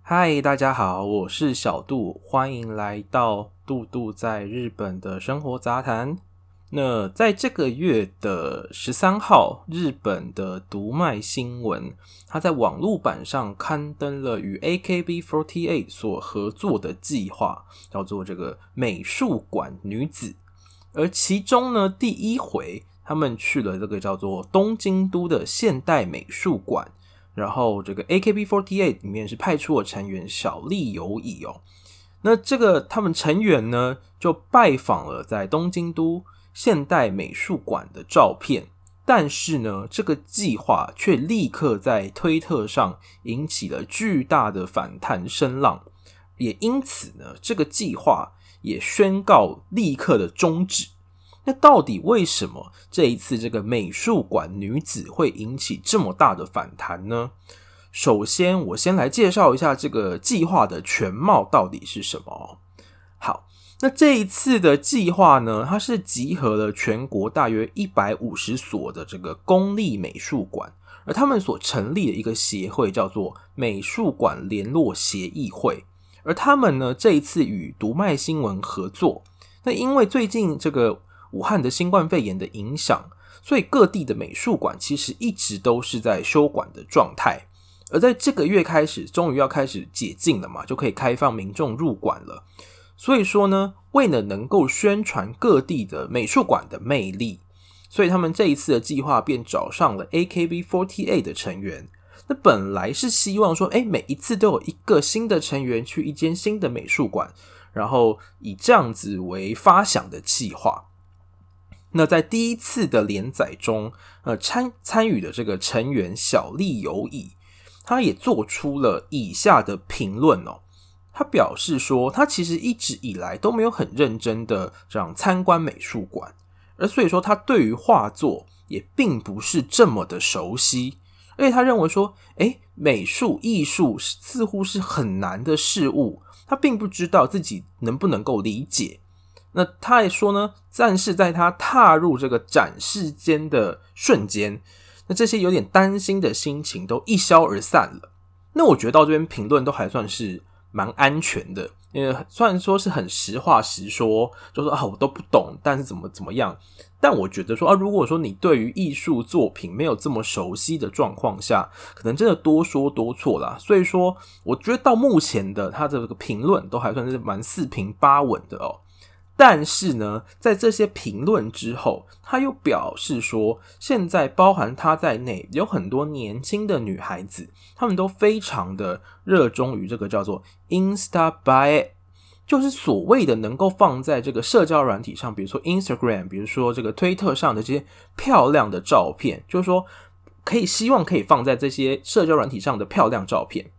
嗨，Hi, 大家好，我是小杜，歡迎來到杜杜在日本的生活雜談。那在這個月的十三號，日本的讀賣新聞，他在網絡版上刊登了與 AKB48 所合作的計劃，叫做這個美術館女子。而其中呢，第一回他們去了這個叫做東京都的現代美術館，然後這個 AKB forty eight 裡面是派出了成員小栗有以哦、喔。那這個他們成員呢，就拜訪了在東京都現代美術館的照片，但是呢，這個計劃卻立刻在推特上引起了巨大的反彈聲浪，也因此呢，這個計劃。也宣告立刻的終止。那到底為什麼這一次這個美術館女子會引起這麼大的反彈呢？首先，我先來介紹一下這個計劃的全貌到底是什麼。好，那這一次的計劃呢，它是集合了全國大約一百五十所的這個公立美術館，而他們所成立的一個協會叫做美術館聯絡協議會。而他們呢，這一次與讀賣新聞合作，那因為最近這個武漢的新冠肺炎的影響，所以各地的美術館其實一直都是在休館的狀態。而在這個月開始，終於要開始解禁了嘛，就可以開放民眾入館了。所以說呢，為了能夠宣傳各地的美術館的魅力，所以他們這一次的計劃便找上了 AKB48 的成員。那本來是希望說，哎、欸，每一次都有一個新的成員去一間新的美術館，然後以這樣子為發想的計劃。那在第一次的連載中，呃，參參與的這個成員小栗有以，他也做出了以下的評論哦。他表示說，他其實一直以來都沒有很認真的這樣參觀美術館，而所以說他對於畫作也並不是這麼的熟悉。所以他認為說，哎、欸，美術藝術似乎是很難的事物，他並不知道自己能不能夠理解。那他也說呢，但是在他踏入這個展示間的瞬間，那這些有點擔心的心情都一消而散了。那我覺得到這邊評論都還算是。蠻安全的，因為雖然說是很實話實說，就說啊，我都不懂，但是怎麼怎麼樣，但我覺得說啊，如果說你對於藝術作品沒有這麼熟悉的狀況下，可能真的多說多錯啦。所以說，我覺得到目前的他的這個評論都還算是蠻四平八穩的哦、喔。但是呢，在這些評論之後，他又表示說，現在包含他在內，有很多年輕的女孩子，他們都非常的熱衷於這個叫做 Insta by，就是所謂的能夠放在這個社交軟體上，比如說 Instagram，比如說這個推特上的這些漂亮的照片，就是說可以希望可以放在這些社交軟體上的漂亮照片。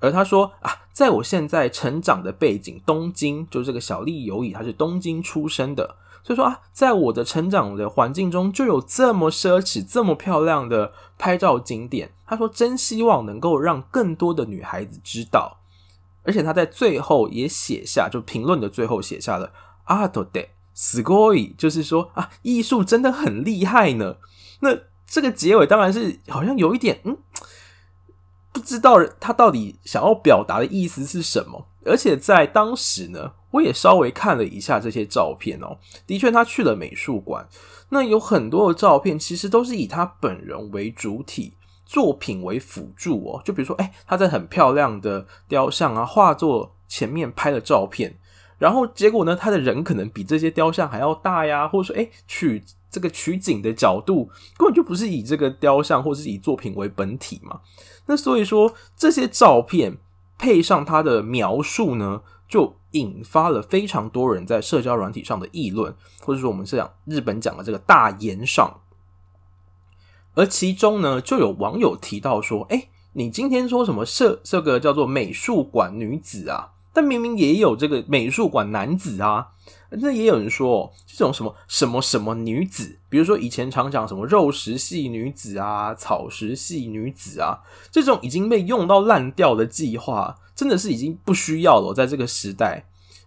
而他說啊。在我現在成長的背景，東京，就這個小栗有以，她是東京出生的，所以說啊，在我的成長的環境中就有這麼奢侈、這麼漂亮的拍照景點。她說，真希望能夠讓更多的女孩子知道。而且她在最後也寫下，就評論的最後寫下了，アートでスゴイ，就是說啊，藝術真的很厲害呢。那這個結尾當然是好像有一點，嗯。不知道他到底想要表達的意思是什麼，而且在當時呢，我也稍微看了一下這些照片哦。的確，他去了美術館，那有很多的照片其實都是以他本人為主體，作品為輔助哦。就比如說，哎，他在很漂亮的雕像啊畫作前面拍的照片，然後結果呢，他的人可能比這些雕像還要大呀，或者說，哎，取這個取景的角度根本就不是以這個雕像或是以作品為本體嘛。那所以說，這些照片配上他的描述呢，就引發了非常多人在社交軟體上的議論，或者說我們講日本講的這個大言上。而其中呢，就有網友提到說：“哎、欸，你今天說什麼社‘設這個叫做美術館女子’啊？但明明也有這個美術館男子啊。”那也有人說哦，這種什麼什麼什麼女子，比如說以前常講什麼肉食系女子啊、草食系女子啊，這種已經被用到爛掉的計劃，真的是已經不需要了，在這個時代。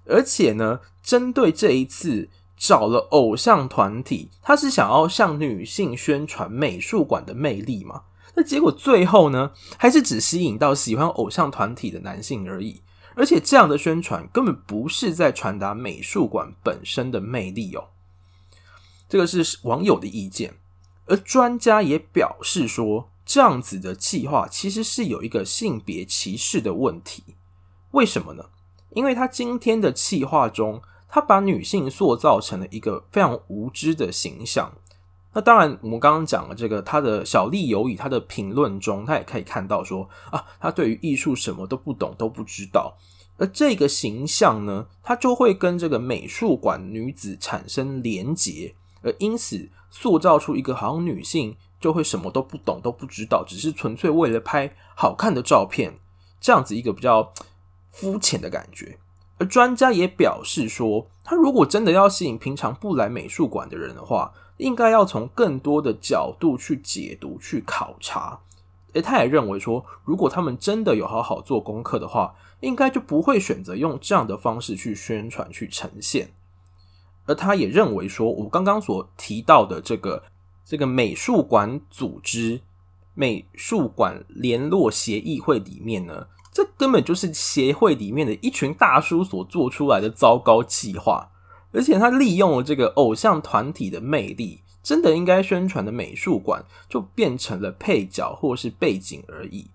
而且呢，針對這一次找了偶像團體，他是想要向女性宣傳美術館的魅力嘛？那結果最後呢，還是只吸引到喜歡偶像團體的男性而已。而且這樣的宣傳根本不是在傳達美術館本身的魅力哦、喔，這個是網友的意見，而專家也表示說，這樣子的企劃其實是有一個性別歧視的問題。為什麼呢？因為他今天的企劃中，他把女性塑造成了一個非常無知的形象。那當然，我們剛剛講了這個他的小栗有以，他的評論中，他也可以看到說啊，他對於藝術什麼都不懂，都不知道。而這個形象呢，他就會跟這個美術館女子產生連結，而因此塑造出一個好像女性就會什麼都不懂、都不知道，只是純粹為了拍好看的照片這樣子一個比較膚淺的感覺。而專家也表示說，他如果真的要吸引平常不來美術館的人的話，應該要從更多的角度去解讀、去考察。而他也認為說，如果他們真的有好好做功課的話，應該就不會選擇用這樣的方式去宣傳、去呈現。而他也認為說，我剛剛所提到的這個這個美術館組織、美術館聯絡協議會裡面呢，這根本就是協會裡面的一群大叔所做出來的糟糕計劃。而且他利用了這個偶像團體的魅力，真的應該宣傳的美術館就變成了配角或是背景而已。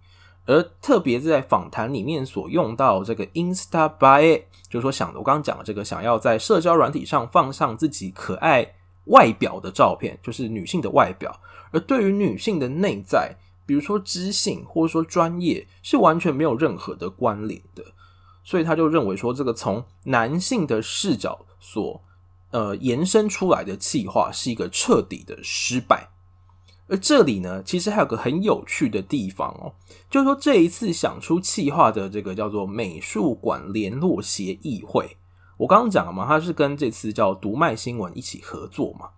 而特別在訪談裡面所用到這個 “insta by”，就是說想我剛剛講的這個，想要在社交軟體上放上自己可愛外表的照片，就是女性的外表。而對於女性的內在，比如說知性或者說專業，是完全沒有任何的關聯的。所以他就認為說，這個從男性的視角所呃延伸出來的企劃是一個徹底的失敗。而這裡呢，其實還有個很有趣的地方哦、喔，就是說這一次想出企劃的這個叫做美術館聯絡協議會，我剛剛講了嘛，他是跟這次叫讀賣新聞一起合作嘛。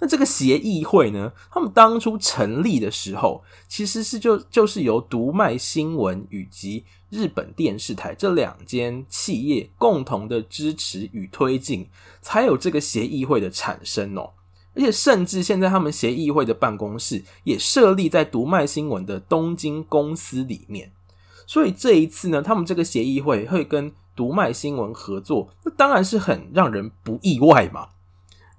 那這個協議會呢，他們當初成立的時候，其實是就就是由讀賣新聞以及日本電視台這兩間企業共同的支持與推進，才有這個協議會的產生哦、喔。而且，甚至現在他們協議會的辦公室也設立在讀賣新聞的東京公司裡面。所以這一次呢，他們這個協議會會跟讀賣新聞合作，那當然是很讓人不意外嘛。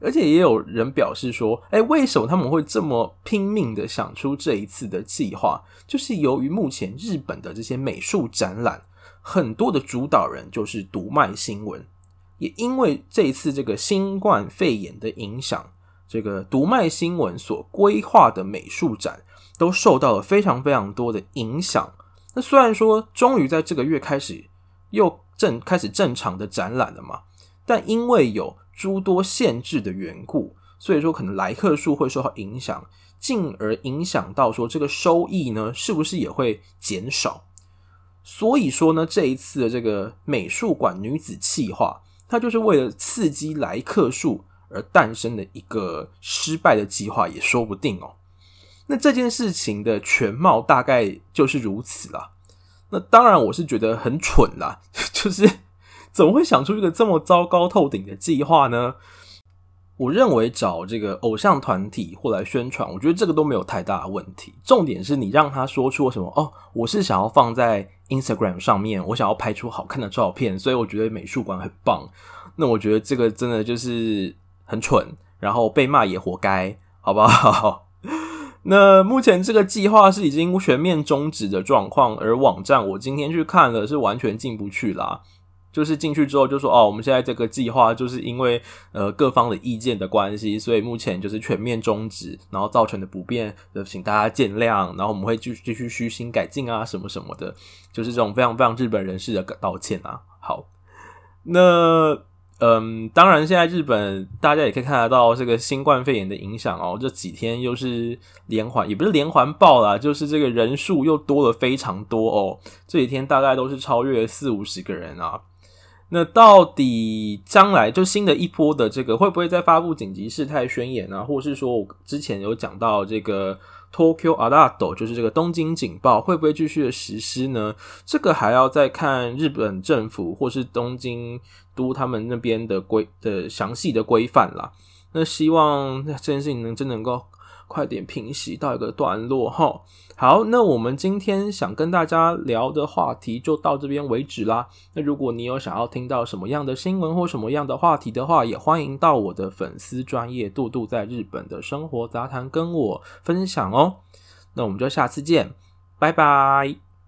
而且也有人表示說：“哎、欸，為什麼他們會這麼拼命的想出這一次的計劃？就是由於目前日本的這些美術展覽，很多的主導人就是讀賣新聞。也因為這一次這個新冠肺炎的影響，這個讀賣新聞所規劃的美術展都受到了非常非常多的影響。那雖然說終於在這個月開始又正開始正常的展覽了嘛，但因為有。”諸多限制的緣故，所以說可能來客數會受到影響，進而影響到說這個收益呢，是不是也會減少？所以說呢，這一次的這個美術館女子企劃，它就是為了刺激來客數而誕生的一個失敗的計劃，也說不定哦。那這件事情的全貌大概就是如此啦。那當然，我是覺得很蠢啦，就是。怎麼會想出一個這麼糟糕透頂的計劃呢？我認為找這個偶像團體或來宣傳，我覺得這個都沒有太大的問題。重點是你讓他說出什麼？哦，我是想要放在 Instagram 上面，我想要拍出好看的照片，所以我覺得美術館很棒。那我覺得這個真的就是很蠢，然後被罵也活該，好不好？ 那目前這個計劃是已經全面終止的狀況，而網站我今天去看了，是完全進不去啦。就是進去之後就說，哦，我們現在這個計劃就是因為呃各方的意見的關係，所以目前就是全面終止，然後造成的不便，就請大家見諒。然後我們會繼繼續虛心改進啊，什麼什麼的，就是這種非常非常日本人士的道歉啊。好，那嗯，當然現在日本大家也可以看得到這個新冠肺炎的影響哦，這幾天又是連環也不是連環爆啦，就是這個人數又多了非常多哦，這幾天大概都是超越四五十個人啊。那到底將來就新的一波的這個會不會再發布緊急事態宣言呢？啊？或是說我之前有講到這個 Tokyo Alert 就是這個東京警報會不會繼續的實施呢？這個還要再看日本政府或是東京都他們那邊的規的詳細的規範啦。那希望這件事情能真的能夠。快點平息到一個段落哈。好，那我們今天想跟大家聊的話題就到這邊為止啦。那如果你有想要聽到什麼樣的新聞或什麼樣的話題的話，也歡迎到我的粉絲專頁度度在日本的生活雜談跟我分享哦。那我們就下次見，拜拜。